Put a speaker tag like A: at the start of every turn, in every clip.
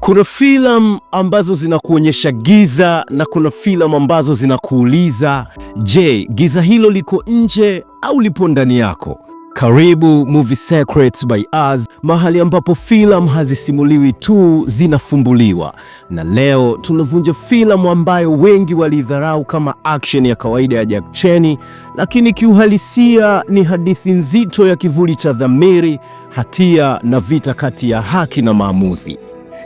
A: Kuna filamu ambazo zinakuonyesha giza na kuna filamu ambazo zinakuuliza, je, giza hilo liko nje au lipo ndani yako? Karibu Movie Secrets by Us, mahali ambapo filamu hazisimuliwi tu, zinafumbuliwa. Na leo tunavunja filamu ambayo wengi walidharau kama action ya kawaida ya jakcheni Chan, lakini kiuhalisia ni hadithi nzito ya kivuli cha dhamiri, hatia na vita kati ya haki na maamuzi.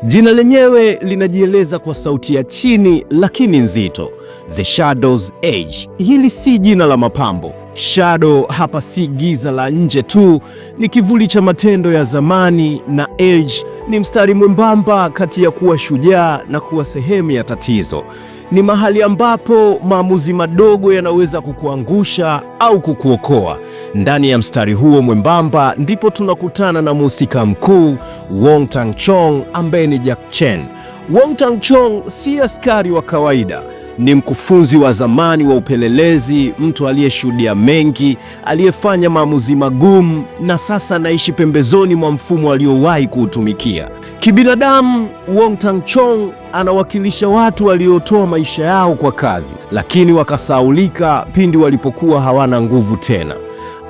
A: Jina lenyewe linajieleza kwa sauti ya chini lakini nzito, The Shadow's Edge. Hili si jina la mapambo. Shadow hapa si giza la nje tu, ni kivuli cha matendo ya zamani, na edge ni mstari mwembamba kati ya kuwa shujaa na kuwa sehemu ya tatizo ni mahali ambapo maamuzi madogo yanaweza kukuangusha au kukuokoa. Ndani ya mstari huo mwembamba ndipo tunakutana na mhusika mkuu Wong Tang Chong ambaye ni Jack Chen. Wong Tang Chong si askari wa kawaida ni mkufunzi wa zamani wa upelelezi, mtu aliyeshuhudia mengi, aliyefanya maamuzi magumu na sasa anaishi pembezoni mwa mfumo aliowahi kuutumikia. Kibinadamu, Wong Tang Chong anawakilisha watu waliotoa maisha yao kwa kazi, lakini wakasaulika pindi walipokuwa hawana nguvu tena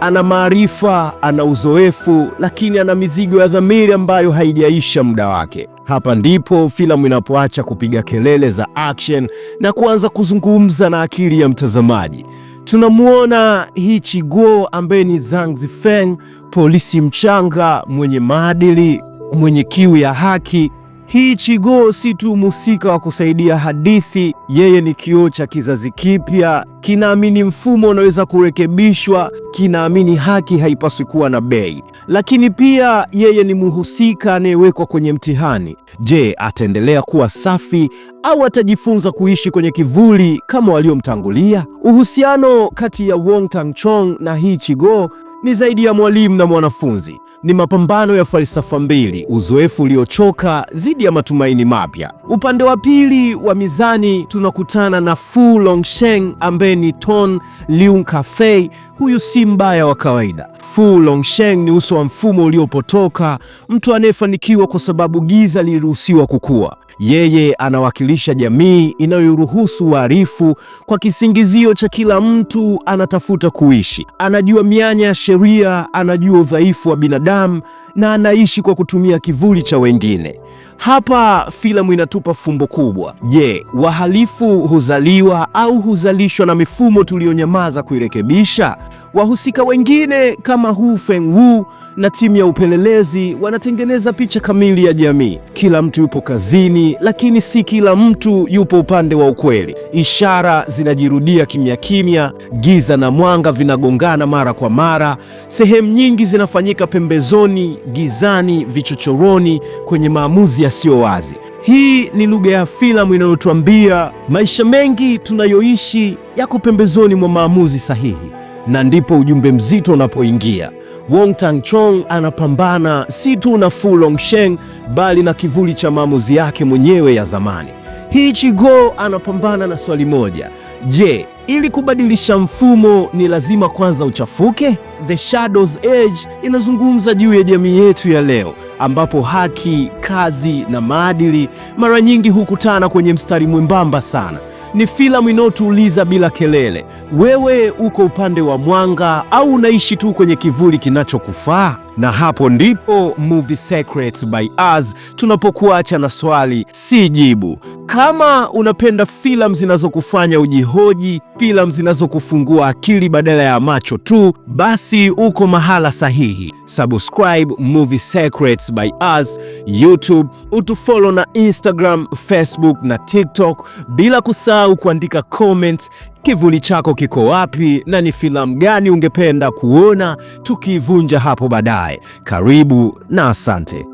A: ana maarifa, ana uzoefu, lakini ana mizigo ya dhamiri ambayo haijaisha muda wake. Hapa ndipo filamu inapoacha kupiga kelele za action na kuanza kuzungumza na akili ya mtazamaji. Tunamwona Ichigo ambaye ni Zhang Zifeng, polisi mchanga mwenye maadili, mwenye kiu ya haki hii Chigoo si tu mhusika wa kusaidia hadithi, yeye ni kioo cha kizazi kipya. Kinaamini mfumo unaweza kurekebishwa, kinaamini haki haipaswi kuwa na bei. Lakini pia yeye ni mhusika anayewekwa kwenye mtihani. Je, ataendelea kuwa safi au atajifunza kuishi kwenye kivuli kama waliomtangulia? Uhusiano kati ya Wong Tang Chong na Hii Chigoo ni zaidi ya mwalimu na mwanafunzi, ni mapambano ya falsafa mbili, uzoefu uliochoka dhidi ya matumaini mapya. Upande wa pili wa mizani tunakutana na Fu Longsheng ambaye ni Ton Liung Kafei. Huyu si mbaya wa kawaida. Fu Longsheng ni uso wa mfumo uliopotoka, mtu anayefanikiwa kwa sababu giza liliruhusiwa kukua. Yeye anawakilisha jamii inayoruhusu uharifu kwa kisingizio cha kila mtu anatafuta kuishi, anajua mianya sheria, anajua udhaifu wa binadamu na anaishi kwa kutumia kivuli cha wengine. Hapa filamu inatupa fumbo kubwa. Je, wahalifu huzaliwa au huzalishwa na mifumo tuliyonyamaza kuirekebisha? Wahusika wengine kama Hu Fengwu na timu ya upelelezi wanatengeneza picha kamili ya jamii. Kila mtu yupo kazini, lakini si kila mtu yupo upande wa ukweli. Ishara zinajirudia kimya kimya, giza na mwanga vinagongana mara kwa mara. Sehemu nyingi zinafanyika pembezoni, gizani, vichochoroni, kwenye maamuzi yasiyo wazi. Hii ni lugha ya filamu inayotuambia maisha mengi tunayoishi yako pembezoni mwa maamuzi sahihi na ndipo ujumbe mzito unapoingia. Wong Tang Chong anapambana si tu na Fu Longsheng bali na kivuli cha maamuzi yake mwenyewe ya zamani. hichigo anapambana na swali moja. Je, ili kubadilisha mfumo ni lazima kwanza uchafuke? The Shadow's Edge inazungumza juu ya jamii yetu ya leo ambapo haki, kazi na maadili mara nyingi hukutana kwenye mstari mwembamba sana ni filamu inayotuuliza bila kelele. Wewe uko upande wa mwanga au unaishi tu kwenye kivuli kinachokufaa? Na hapo ndipo Movie Secrets by Us tunapokuacha na swali si jibu. Kama unapenda filamu zinazokufanya ujihoji, filamu zinazokufungua akili badala ya macho tu, basi uko mahala sahihi. Subscribe Movie Secrets by Us YouTube, utufollow na Instagram, Facebook na TikTok, bila kusahau kuandika comment Kivuli chako kiko wapi na ni filamu gani ungependa kuona tukiivunja hapo baadaye? Karibu na asante.